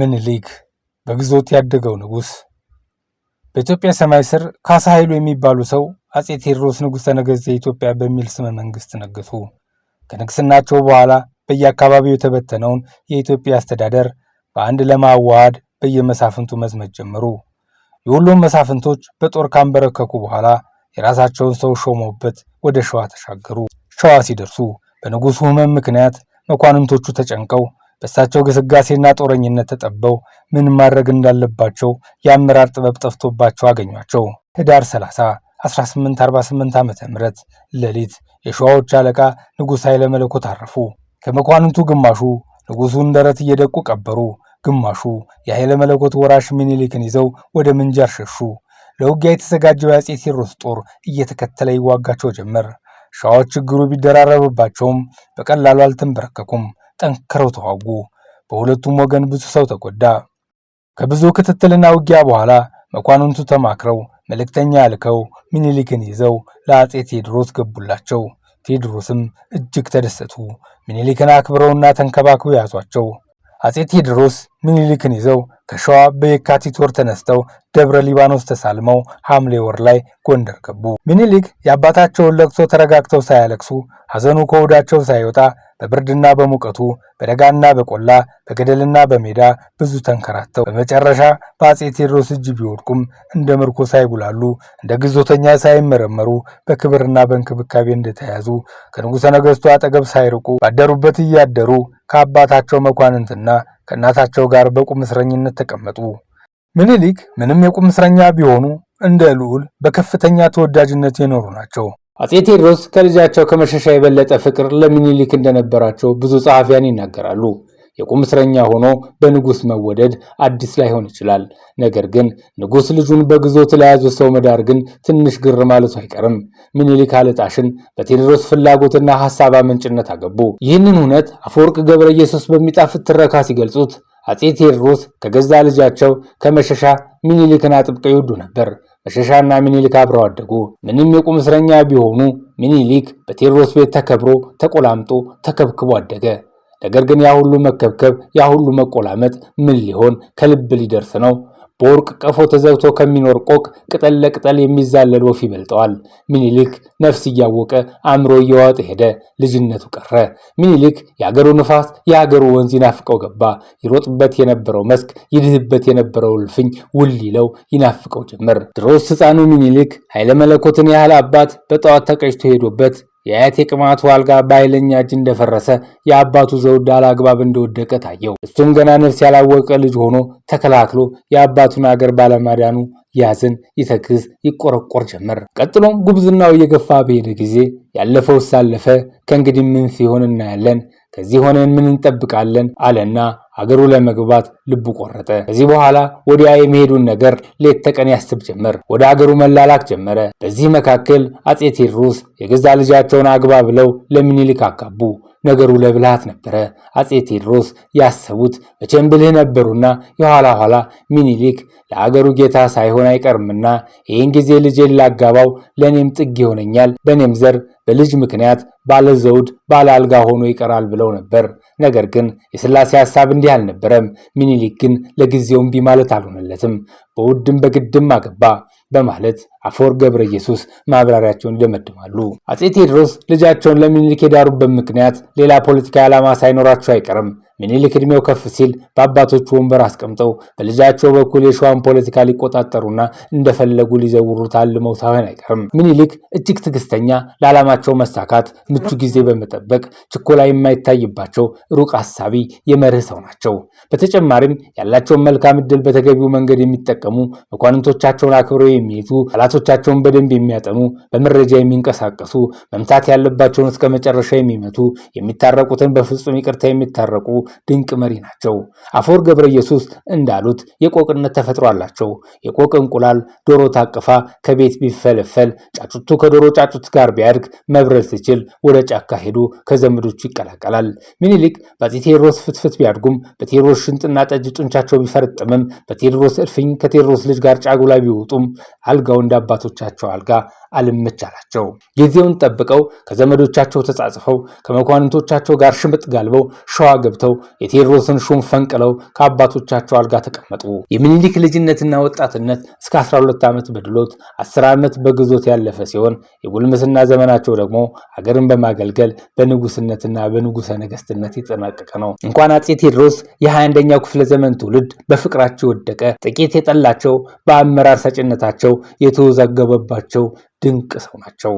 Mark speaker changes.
Speaker 1: ምኒልክ በግዞት ያደገው ንጉሥ በኢትዮጵያ ሰማይ ስር ካሳ ኃይሉ የሚባሉ ሰው አጼ ቴዎድሮስ ንጉሠ ነገሥት የኢትዮጵያ በሚል ስመ መንግሥት ነገሱ። ከንግስናቸው በኋላ በየአካባቢው የተበተነውን የኢትዮጵያ አስተዳደር በአንድ ለማዋሃድ በየመሳፍንቱ መዝመት ጀመሩ። የሁሉም መሳፍንቶች በጦር ካንበረከኩ በኋላ የራሳቸውን ሰው ሾመውበት ወደ ሸዋ ተሻገሩ። ሸዋ ሲደርሱ በንጉሡ ህመም ምክንያት መኳንንቶቹ ተጨንቀው በእሳቸው ግስጋሴና ጦረኝነት ተጠበው ምን ማድረግ እንዳለባቸው የአመራር ጥበብ ጠፍቶባቸው አገኟቸው። ህዳር 30 1848 ዓ ም ሌሊት የሸዋዎች አለቃ ንጉሥ ኃይለ መለኮት አረፉ። ከመኳንንቱ ግማሹ ንጉሡን ደረት እየደቁ ቀበሩ፣ ግማሹ የኃይለ መለኮት ወራሽ ምኒልክን ይዘው ወደ ምንጃር ሸሹ። ለውጊያ የተዘጋጀው የአጼ ቴዎድሮስ ጦር እየተከተለ ይዋጋቸው ጀመር። ሸዋዎች ችግሩ ቢደራረብባቸውም በቀላሉ አልተንበረከኩም። ጠንክረው ተዋጉ። በሁለቱም ወገን ብዙ ሰው ተጎዳ። ከብዙ ክትትልና ውጊያ በኋላ መኳንንቱ ተማክረው መልእክተኛ ያልከው ሚኒሊክን ይዘው ለአጼ ቴዎድሮስ ገቡላቸው። ቴዎድሮስም እጅግ ተደሰቱ። ሚኒሊክን አክብረውና ተንከባክበው ያዟቸው። አጼ ቴዎድሮስ ምኒልክን ይዘው ከሸዋ በየካቲት ወር ተነስተው ደብረ ሊባኖስ ተሳልመው ሐምሌ ወር ላይ ጎንደር ገቡ። ምኒልክ የአባታቸውን ለቅሶ ተረጋግተው ሳያለቅሱ ሐዘኑ ከሆዳቸው ሳይወጣ በብርድና በሙቀቱ በደጋና በቆላ በገደልና በሜዳ ብዙ ተንከራተው በመጨረሻ በአጼ ቴዎድሮስ እጅ ቢወድቁም እንደ ምርኮ ሳይጉላሉ እንደ ግዞተኛ ሳይመረመሩ በክብርና በእንክብካቤ እንደተያዙ ከንጉሠ ነገሥቱ አጠገብ ሳይርቁ ባደሩበት እያደሩ ከአባታቸው መኳንንትና ከእናታቸው ጋር በቁም እስረኝነት ተቀመጡ። ምኒልክ ምንም የቁም እስረኛ ቢሆኑ እንደ ልዑል በከፍተኛ ተወዳጅነት የኖሩ ናቸው። አጼ ቴዎድሮስ ከልጃቸው ከመሸሻ የበለጠ ፍቅር ለምኒልክ እንደነበራቸው ብዙ ጸሐፊያን ይናገራሉ። የቁም እስረኛ ሆኖ በንጉሥ መወደድ አዲስ ላይሆን ይችላል። ነገር ግን ንጉሥ ልጁን በግዞት ለያዙ ሰው መዳር ግን ትንሽ ግር ማለቱ አይቀርም። ምኒልክ አለጣሽን በቴዎድሮስ ፍላጎትና ሐሳብ አመንጭነት አገቡ። ይህንን እውነት አፈወርቅ ገብረ ኢየሱስ በሚጣፍጥ ትረካ ሲገልጹት አፄ ቴዎድሮስ ከገዛ ልጃቸው ከመሸሻ ምኒልክን አጥብቀው ይወዱ ነበር። መሸሻና ምኒልክ አብረው አደጉ። ምንም የቁም እስረኛ ቢሆኑ ምኒልክ በቴዎድሮስ ቤት ተከብሮ ተቆላምጦ ተከብክቦ አደገ። ነገር ግን ያ ሁሉ መከብከብ፣ ያ ሁሉ መቆላመጥ ምን ሊሆን ከልብ ሊደርስ ነው? በወርቅ ቀፎ ተዘግቶ ከሚኖር ቆቅ ቅጠል ለቅጠል የሚዛለል ወፍ ይበልጠዋል። ሚኒሊክ ነፍስ እያወቀ አእምሮ እየዋጠ ሄደ፣ ልጅነቱ ቀረ። ሚኒሊክ የአገሩ ንፋስ፣ የአገሩ ወንዝ ይናፍቀው ገባ። ይሮጥበት የነበረው መስክ፣ ይድህበት የነበረው እልፍኝ ውል ይለው ይናፍቀው ጀመር። ድሮስ ሕፃኑ ሚኒሊክ ኃይለ መለኮትን ያህል አባት በጠዋት ተቀጭቶ ሄዶበት የአያቴ ቅማቱ አልጋ በኃይለኛ እጅ እንደፈረሰ የአባቱ ዘውድ አላግባብ እንደወደቀ ታየው። እሱም ገና ነፍስ ያላወቀ ልጅ ሆኖ ተከላክሎ የአባቱን አገር ባለማዳኑ ያዝን፣ ይተክዝ፣ ይቆረቆር ጀመር። ቀጥሎም ጉብዝናው እየገፋ በሄደ ጊዜ ያለፈው ሳለፈ፣ ከእንግዲህ ምን ሲሆን እናያለን፣ ከዚህ ሆነን ምን እንጠብቃለን አለና አገሩ ለመግባት ልቡ ቆረጠ። ከዚህ በኋላ ወዲያ የሚሄዱን ነገር ሌት ተቀን ያስብ ጀመር። ወደ አገሩ መላላክ ጀመረ። በዚህ መካከል አፄ ቴዎድሮስ የገዛ ልጃቸውን አግባ ብለው ለምኒልክ አጋቡ። ነገሩ ለብልሃት ነበረ። አጼ ቴዎድሮስ ያሰቡት መቼም ነበሩና የኋላ ኋላ ሚኒሊክ ለአገሩ ጌታ ሳይሆን አይቀርምና ይህን ጊዜ ልጄን ላጋባው፣ ለእኔም ጥግ ይሆነኛል፣ በእኔም ዘር በልጅ ምክንያት ባለ ዘውድ ባለ አልጋ ሆኖ ይቀራል ብለው ነበር። ነገር ግን የስላሴ ሐሳብ እንዲህ አልነበረም። ሚኒሊክ ግን ለጊዜው እምቢ ማለት አልሆነለትም። በውድም በግድም አገባ በማለት አፈወርቅ ገብረ ኢየሱስ ማብራሪያቸውን ይደመድማሉ። አፄ ቴዎድሮስ ልጃቸውን ለምኒልክ የዳሩበት ምክንያት ሌላ ፖለቲካዊ ዓላማ ሳይኖራቸው አይቀርም ምኒልክ እድሜው ከፍ ሲል በአባቶቹ ወንበር አስቀምጠው በልጃቸው በኩል የሸዋን ፖለቲካ ሊቆጣጠሩና እንደፈለጉ ሊዘውሩ ታልመው ሳይሆን አይቀርም። ምኒልክ እጅግ ትግስተኛ ለዓላማቸው መሳካት ምቹ ጊዜ በመጠበቅ ችኮላ የማይታይባቸው ሩቅ አሳቢ የመርህ ሰው ናቸው። በተጨማሪም ያላቸውን መልካም እድል በተገቢው መንገድ የሚጠቀሙ፣ መኳንንቶቻቸውን አክብረው የሚይዙ ጠላቶቻቸውን በደንብ የሚያጠኑ፣ በመረጃ የሚንቀሳቀሱ፣ መምታት ያለባቸውን እስከ መጨረሻ የሚመቱ፣ የሚታረቁትን በፍጹም ይቅርታ የሚታረቁ ድንቅ መሪ ናቸው። አፎር ገብረ ኢየሱስ እንዳሉት የቆቅነት ተፈጥሮ አላቸው። የቆቅ እንቁላል ዶሮ ታቅፋ ከቤት ቢፈለፈል ጫጩቱ ከዶሮ ጫጩት ጋር ቢያድግ መብረር ሲችል ወደ ጫካ ሄዱ ከዘመዶቹ ይቀላቀላል። ሚኒሊክ በአፄ ቴዎድሮስ ፍትፍት ቢያድጉም በቴዎድሮስ ሽንጥና ጠጅ ጡንቻቸው ቢፈረጥምም በቴዎድሮስ እልፍኝ ከቴዎድሮስ ልጅ ጋር ጫጉላ ቢውጡም አልጋው እንደ አባቶቻቸው አልጋ አልመች አላቸው። ጊዜውን ጠብቀው ከዘመዶቻቸው ተጻጽፈው ከመኳንንቶቻቸው ጋር ሽምጥ ጋልበው ሸዋ ገብተው የቴዎድሮስን ሹም ፈንቅለው ከአባቶቻቸው አልጋ ተቀመጡ። የሚኒሊክ ልጅነትና ወጣትነት እስከ 12 ዓመት በድሎት 10 ዓመት በግዞት ያለፈ ሲሆን የጉልምስና ዘመናቸው ደግሞ ሀገርን በማገልገል በንጉስነትና በንጉሰ ነገስትነት የተጠናቀቀ ነው። እንኳን አፄ ቴዎድሮስ የ21ኛው ክፍለ ዘመን ትውልድ በፍቅራቸው የወደቀ ጥቂት የጠላቸው በአመራር ሰጭነታቸው የተወዛገበባቸው ድንቅ ሰው ናቸው።